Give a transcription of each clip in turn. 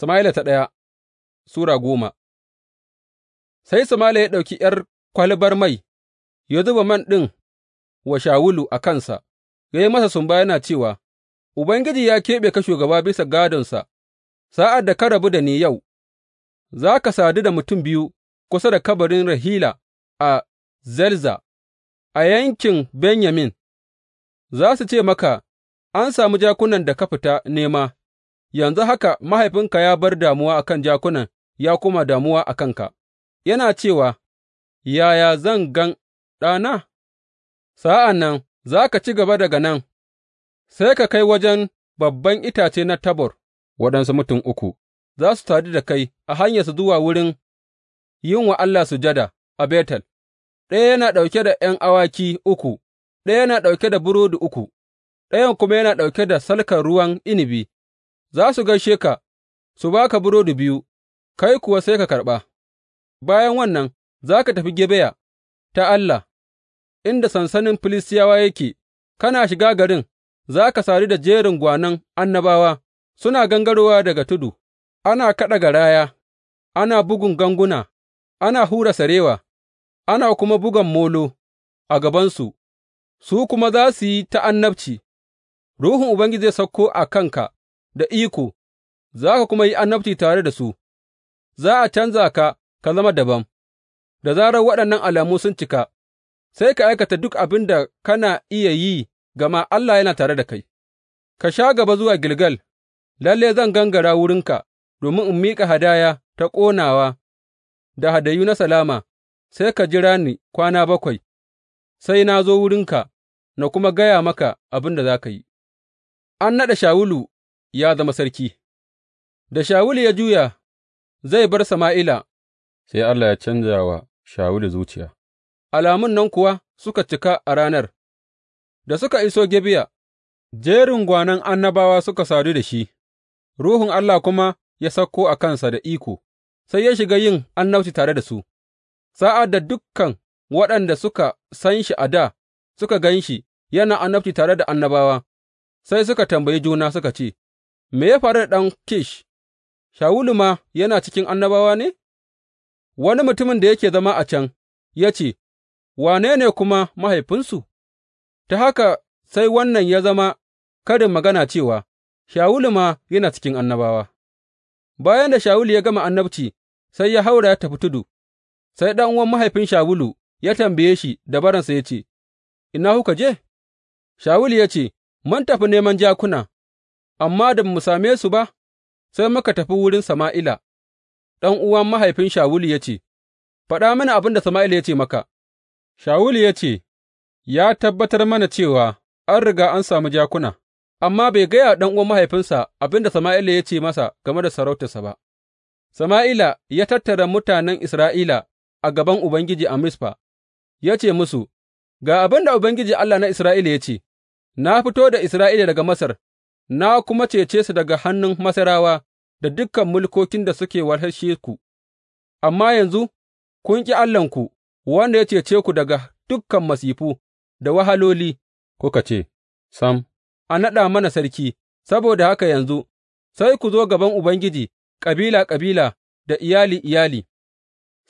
Sama'ila ta ɗaya Sura goma Sai Sama'ila ya ɗauki ’yar kwalabar mai, ya zuba man ɗin wa Shawulu a kansa, ya yi masa sumba yana cewa, Ubangiji ya keɓe ka shugaba bisa gadonsa. sa'ad da ka rabu da ni yau, za ka sadu da mutum biyu kusa da kabarin Rahila a Zelza, a yankin Benyamin, za su ce maka, An sami jakunan da ka fita nema. Yanzu haka mahaifinka ya bar damuwa a kan jakunan ya kuma damuwa a kanka, yana cewa, Yaya zan gan ɗana?’ Sa'an nan za ka ci gaba daga nan, sai ka kai wajen babban itace na Tabor, waɗansu mutum uku za su sadu da kai a hanyar su zuwa wurin yin wa Allah sujada a Betel, ɗaya yana ɗauke da ’yan awaki uku, ɗaya yana ɗauke da burodi uku, ɗayan kuma yana ɗauke da salkar ruwan inibi. za su gaishe ka, su ba ka burodi biyu, kai kuwa sai ka karɓa, bayan wannan za ka tafi Gebiya ta Allah, inda sansanin Filistiyawa yake, kana shiga garin, za ka sadu da jerin gwanon annabawa suna gangarowa daga tudu, ana kaɗa garaya, ana bugun ganguna, ana hura sarewa, ana kuma bugan molo a gabansu, su kuma za su yi ta annabci, Ruhun Ubangiji zai sauko a kanka. da iko, za ka kuma yi annabci tare da su, za a canza ka ka zama dabam, da zarar waɗannan alamu sun cika, sai ka aikata duk abin da kana iya yi, gama Allah yana tare da kai, ka sha gaba zuwa Gilgal, lalle zan gangara wurinka domin in miƙa hadaya ta ƙonawa da hadayu na salama, sai ka jira ni kwana bakwai, sai na zo wurinka na kuma gaya maka abin da za ka yi. An naɗa Shawulu ya zama sarki Da Shawulu ya juya zai bar Sama'ila, sai Allah ya canja wa Shawulu zuciya, alamun nan kuwa suka cika a ranar, da suka iso Gibeya, jerin gwanan annabawa suka sadu da shi, Ruhun Allah kuma ya sauko a kansa da iko, sai ya shiga yin annabci tare da su, sa'ad da dukkan waɗanda suka san shi a da suka gan shi yana annabci tare da annabawa, sai suka tambayi juna suka ce, Me ya faru da ɗan Kish, Shawulu ma yana cikin annabawa ne? Wani mutumin da yake zama a can ya ce, Wane ne kuma mahaifinsu? Ta haka sai wannan ya zama karin magana cewa, Shawulu ma yana cikin annabawa. Bayan da Shawulu ya gama annabci, sai ya haura ya tafi tudu, sai ɗan ɗan'uwan mahaifin Shawulu ya tambaye shi da baransa ya ce, Ina kuka je? Shawulu ya ce, Mun tafi neman jakuna amma da ba mu same su ba, sai muka tafi wurin Sama'ila, ɗan'uwan mahaifin Shawulu ya ce, Faɗa mana abin da Sama'ila ya ce maka, Shawulu ya ce, Ya tabbatar mana cewa an riga an samu jakuna, amma bai gaya ɗan'uwan mahaifinsa abin da Sama'ila ya ce masa game da sarautarsa ba. Sama'ila ya tattara mutanen Isra'ila a gaban Ubangiji a Misfa, ya ce musu, Ga abin da Ubangiji Allah na Isra'ila ya ce, Na fito da Isra'ila daga Masar na kuma cece su daga hannun Masarawa da dukan mulkokin da suke walhashe ku, amma yanzu kun ƙi Allahnku, wanda ya cece ku daga dukan masifu da wahaloli, kuka ce, Sam, a naɗa mana sarki, saboda haka yanzu sai ku zo gaban Ubangiji kabila-kabila da iyali-iyali.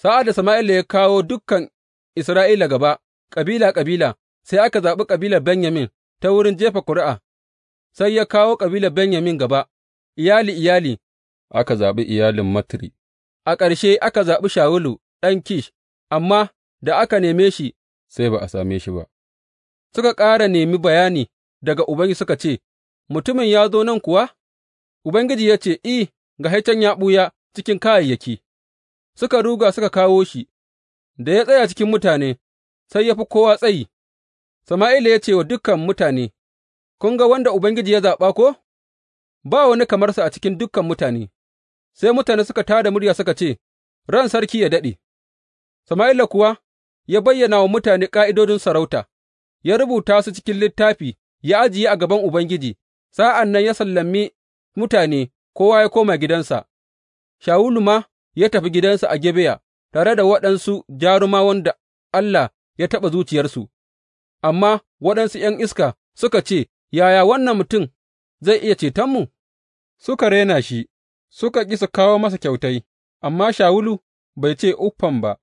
Sa'ad da Sama'ila ya kawo dukan Isra'ila gaba, kabila-kabila, sai aka zaɓi kabilar Benyamin ta wurin jefa ƙuri'a. sai ya kawo kabilar Benyamin gaba, iyali iyali, aka zaɓi iyalin Matri, a ƙarshe aka zaɓi Shawulu ɗan Kish, amma da aka neme shi sai ba a same shi ba. Suka ƙara nemi bayani daga Ubangiji suka ce, Mutumin ya zo nan kuwa? Ubangiji ya ce, I, ga haitan ya ɓuya cikin kayayyaki. Suka ruga suka kawo shi, da ya tsaya cikin mutane, sai ya fi kowa tsayi. Sama'ila ya ce wa dukan mutane, Kun ga wanda Ubangiji ya zaɓa ko, ba wani kamarsa a cikin dukan mutane, sai mutane suka tā da murya suka ce, Ran sarki ya daɗe, Sama'ila kuwa ya bayyana wa mutane ƙa'idodin sarauta, ya rubuta su cikin littafi, ya ajiye a gaban Ubangiji, sa'an nan ya sallami mutane, kowa ya koma gidansa, Shawulu ma ya tafi gidansa a Gibeya tare da waɗansu jarumawan da Allah ya taɓa zuciyarsu, amma waɗansu ’yan iska suka ce, Yaya wannan mutum zai iya cetonmu? Suka rena shi, suka ƙi su kawo masa kyautai, amma Shawulu bai ce uffam ba.